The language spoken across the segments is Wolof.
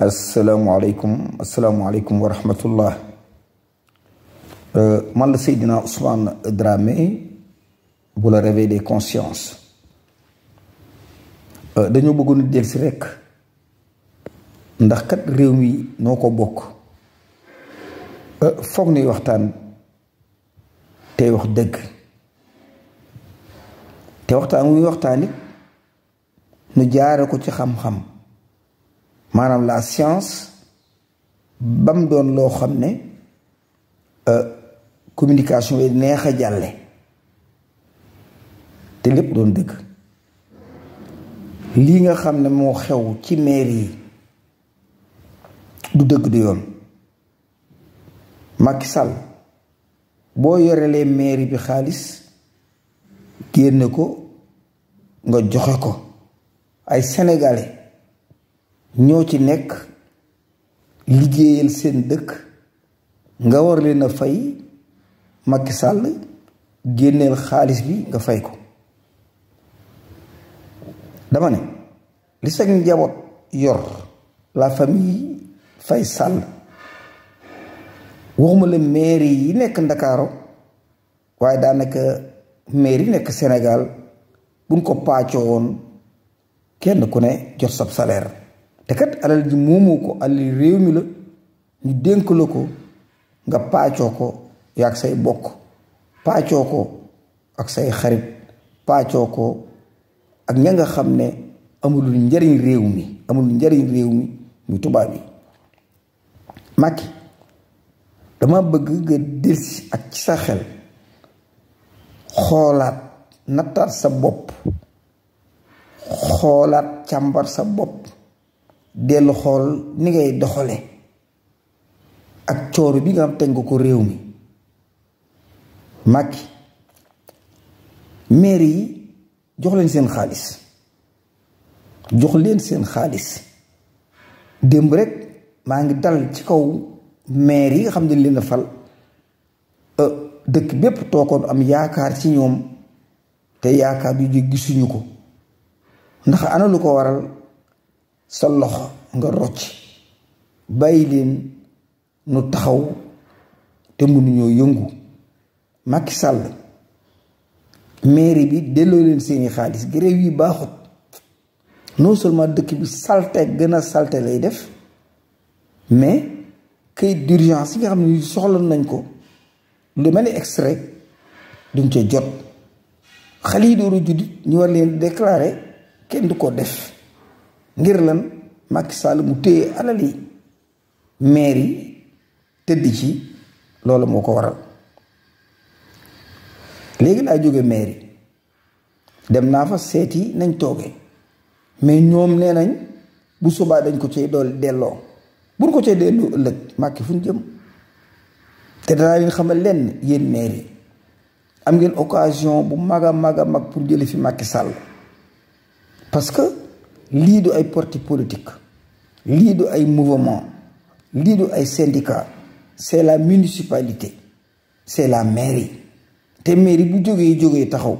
asalaamualeykum asalaamualeykum wa rahmatullah euh, man la Seydina Ousmane Dramé bu la réveil des consciences euh, dañoo bëggoon del si rekk ndax kat réew mi noo ko bokk euh, foog nuy waxtaan tey wax dëgg te waxtaan wuy waxtaan it nu jaare ko ci xam-xam maanaam la science bam doon loo xam ne euh, communication yi neex a jàlle te lépp doon dëgg lii nga xam ne moo xew ci maire yi du dëgg du yoon Macky sal boo yorelee mairie bi xaalis génne ko nga joxe ko ay sénégalais ñoo ci nekk liggéeyal seen dëkk nga war leen a fay Macky sàll génneel xaalis bi nga fay ko dama ne li sax njaboot yor la famille Faye Sall waxuma la mairie yi nekk Ndakaaru waaye daanaka mairie nekk Sénégal buñ ko paacoo woon kenn ku ne jot sab saleer te kat alal ji moomoo ko alal réew mi la ñu dénk la ko nga paacoo ko yaa ak say bokk paacoo ko ak say xarit paacoo ko ak ña nga xam ne amulul njariñ réew mi amul njariñ réew mi muy tubaab yi Macky dama bëgg nga delsi ak ci sa xel xoolaat nattaat sa bopp xoolaat càmbar sa bopp dellu xool ni ngay doxale ak coono bi nga xam teg nga ko réew mi Macky maire yi jox leen seen xaalis jox leen seen xaalis démb rek maa ngi dal ci kaw maire yi nga xam ne leen a fal euh, dëkk bépp toogoon am yaakaar ci ñoom te yaakaar bi jóg gisuñu ko ndax ana ko waral sa loxo nga rocc bàyyi leen nu taxaw te mënuñoo yëngu Macky Sall mairie bi delloo leen seeni xaalis grève yi baaxut non seulement dëkk bi salte gën a salte lay def mais kayit d'urgence yi nga xam ne soxla nañ ko lu mel ni extrait duñ ca jot xale yi dooru juddit ñu war leen déclarer kenn du ko def ngir lan Macky Sall mu téye alal yi maire yi tëdd ci loolu moo ko waral léegi laa jóge maire yi dem naa fa seeti nañ tooge mais ñoom nee nañ bu subaa dañ ko cay dool delloo buñ ko cay delloo ëllëg Macky fu jëm te danaa leen xamal lenn yéen maire yi am ngeen occasion bu mag a mag pour jële fi Macky sàll parce que lii du ay parti politique lii du ay mouvement lii du ay syndicat c'est la municipalité c'est la mairie te mairie bu jógee jógee taxaw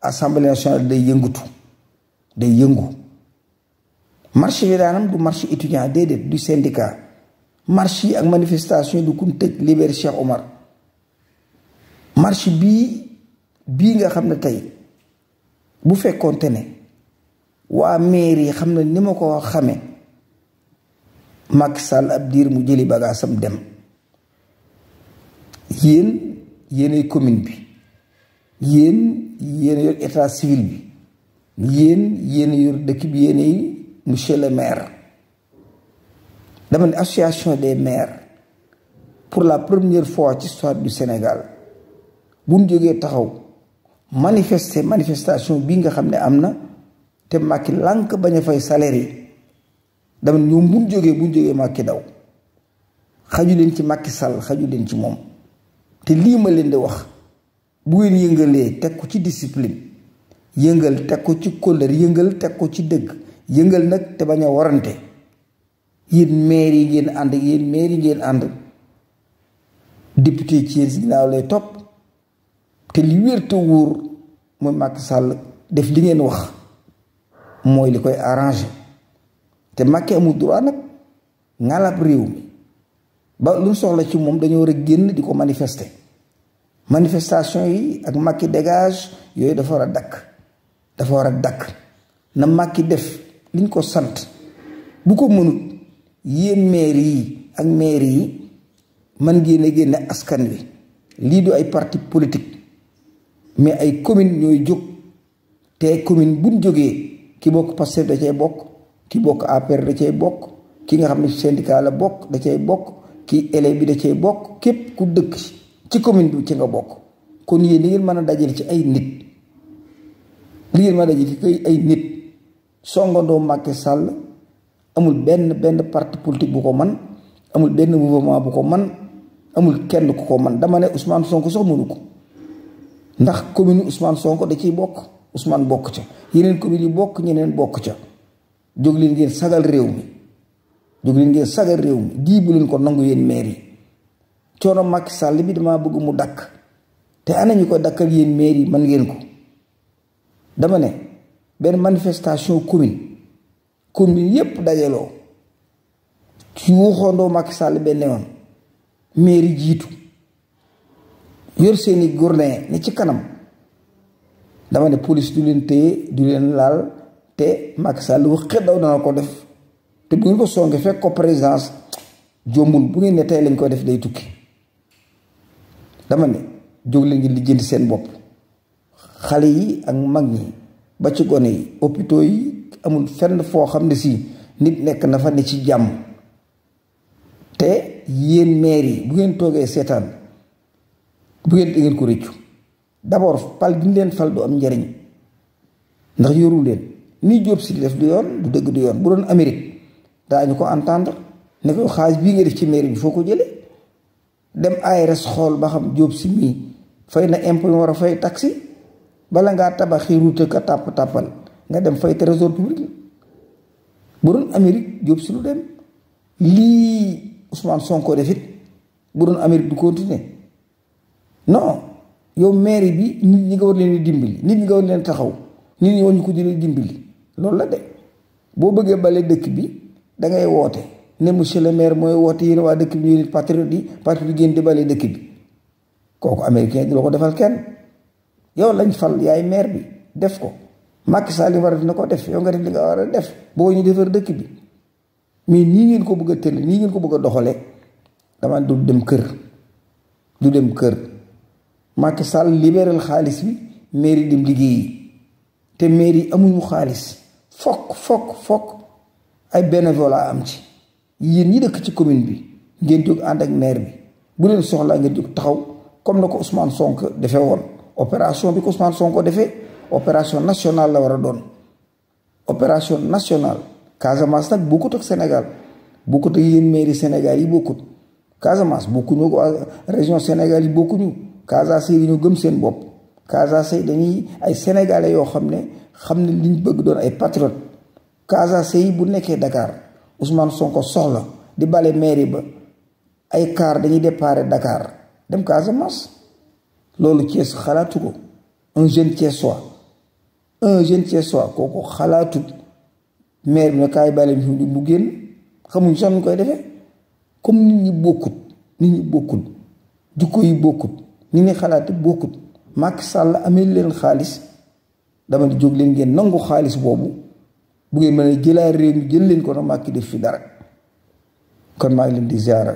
assemblée nationale day yëngatu day yëngu marché bi daanam du marché étudiant déedéet du syndicat marche yi ak manifestation du kun tëj libéré Cheikh Omar marche bii bii nga xam ne tey bu fekkoonte ne waa mairie xam na ni ma ko xamee Macky Sall ab diir mu jëli bagaasam dem yéen yéenay commune bi yéen yéen yor état civil bi yéen yéen yor dëkk bi yéenay monsieur le maire dama ne association des maire pour la première fois ci histoire du Sénégal bu ñu jógee taxaw manifeste manifestation bi nga xam ne am na te makki lànk bañ a fay salaire dama ñoom buñ jógee buñ jógee Macky daw xaju leen ci Macky Sall xaju leen ci moom te lii ma leen di wax bu ngeen yëngalee teg ko ci discipline yëngal teg ko ci kóllëre yëngal teg ko ci dëkk yëngal nag te bañ a warante yéen maire yi ngeen ànd yéen ngeen ànd député ci yéen si ginnaaw lay topp te li wér wóor mooy Macky Sall def li ngeen wax mooy li koy arrangé te Macky amul droit nag ngalab réew mi ba lu soxla ci moom dañoo war a génn di ko manifester manifestation yi ak Macky dégage yooyu dafa war a dakk dafa war a dakk na Macky def liñ ko sant bu ko mënut yéen maire yi ak maire yi man ngeen a génne askan wi lii du ay parti politique mais ay commune ñooy jóg te commune buñ jógee ki bokk Pastef da cay bokk ki bokk APR da cay bokk ki nga xam ne syndicat la bokk da cee bokk ki élève bi da cay bokk képp ku dëkk ci commune bi ci nga bokk kon yéen li ngeen mën a dajale ci ay nit li ngeen mën dajale ci ay nit songandoo Macky Sall amul benn benn parti politique bu ko man amul benn mouvement bu ko man amul kenn ku ko man dama ne Ousmane Sonko sax mënu ko ndax commune Ousmane Sonko da ciy bokk Ousmane bokk ca yeneen commune yi bokk ñeneen bokk ca jóg leen ngeen sagal réew mi jóg leen ngeen sagal réew mi dii leen ko nangu yéen maire coono Macky Sall bi damaa bëgg mu dakk te ana ko dakkal yéen maire yi man ngeen ko dama ne benn manifestation commune commune yépp dajaloo ci waxoondoo Macky Sall benn yoon maire jiitu yor seeni gouverneur ne ci kanam dama ne police du leen téye du leen laal te Macky Sall lu xëy daw dana ko def te bu ngeen ko songee fekk ko présidence jombul bu ngeen ne tey lañ koy def day tukki dama ne jóg leen ngeen lijjanti seen bopp xale yi ak mag ñi ba ci gone yi hôpitaux yi amul fenn foo xam ne si nit nekk na fa ne ci jàmm te yéen maire yi bu ngeen toogee seetaan bu ngeen di ko rëccu. d'abord fal gi ñu leen fal du am njariñ ndax yoru leen ni Diop si def du yoon du dëgg du yoon bu doon Amérique daañu ko entendre ne ko xaalis bii nga def ci mairie bi foo ko jëlee dem ARS xool ba xam Diop si mii fay na impôt war a fay taxi bala ngaa tabaxi route ka tàpp tàppal nga dem fay trésor public bu doon Amérique Diop si lu dem lii Ousmane Sonko def it bu doon Amérique du continuer non. yow mair bi nit ñi nga war leen dimbali nit ñi nga war leen taxaw nit ñi war ñu ko jëlee dimbali loolu la de boo bëggee bale dëkk bi da ngay woote ne monsieur le mair mooy woote yéen waa dëkk bi yéen di yi patriote génn di bale dëkk bi kooku américain du la ko defal kenn yow lañ fal yaay maire bi def ko Macky Sall war dina ko def yow nga def li nga war a def boo ñu defar dëkk bi mais nii ngeen ko bëgg a tëll nii ngeen ko bëgg a doxale dama du dem kër du dem kër Macky Sall libéral xaalis bi mairie dim liggéeyi te mairie amuñu xaalis fokk fokk fokk ay bénévolat am ci yéen ñi dëkk ci commune bi ngeen jóg ànd ak maire bi bu leen soxlaa ngeen jóg taxaw comme na ko Ousmane sonk defee woon opération bi ko Ousmane Sonko defee opération national la war a doon opération national Casamance nag bokkut ak Sénégal bokkut ak yéen mairie Sénégal yi bokkut Casamance bokkuñu ko région Sénégal yi bokkuñu Casaase yi dañoo gëm seen bopp Casaase yi dañuy ay sénégalais yoo xam ne xam ne liñ bëgg doon ay patriote Casaase yi bu nekkee dakaar Dakar Ousmane ko soxla di bale mairie ba ay car dañuy déparé dakaar dem Casamance loolu Thiès xalaatu ko un jeune Thiessois un jeune soit kooku xalaatu maire bi ne kaay bale bi bu génn xamuñ sax nu koy defee comme nit ñi bokkut nit ñi bokkut jikko yi bokkut. li ñuy xalaate bokkut Macky Sall amee leen xaalis dama di jóg leen ngeen nangu xaalis boobu bu ngeen mën a jëlaat réew jël leen ko nag Macky def fi dara kon maa ngi leen di ziara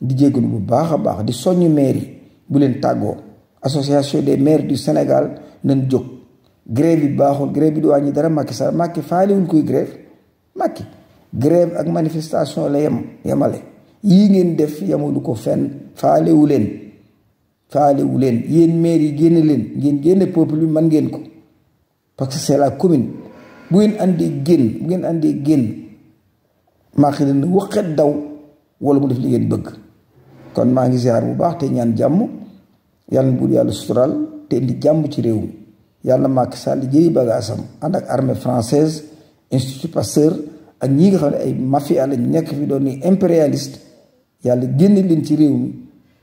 di jéggalu bu baax a baax di soññ maire yi bu leen tàggoo association des maires du Sénégal nañ jóg grève bi baaxul grève bi di wàññi dara Macky Sall Macky faaliwul koy grève Macky grève ak manifestation la yem yemale yii ngeen def yemalu ko fenn faalewu leen faalewu leen yéen maire yi génne leen ngeen génne peuple bi man ngeen ko parce que c'est la commune bu ngeen àndee génn ngeen àndee génn maa xi leen waxet daw wala mu def li ngeen bëgg kon maa ngi ziar bu baax te ñaan jàmm yàlla na buur yàlla sutural te indi jàmm ci réew mi yàlla Macky Sall jëri bagaasam ànd ak armée française ak ñi nga xam ne ay mafia lañ nekk fi doon ni impérialiste yàlla génne leen ci réew mi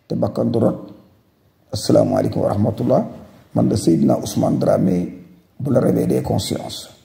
te bakkan du asalaamaaleykum wa rahmatullah man la Seydina Ousmane Dramé bu la réveillé des consciences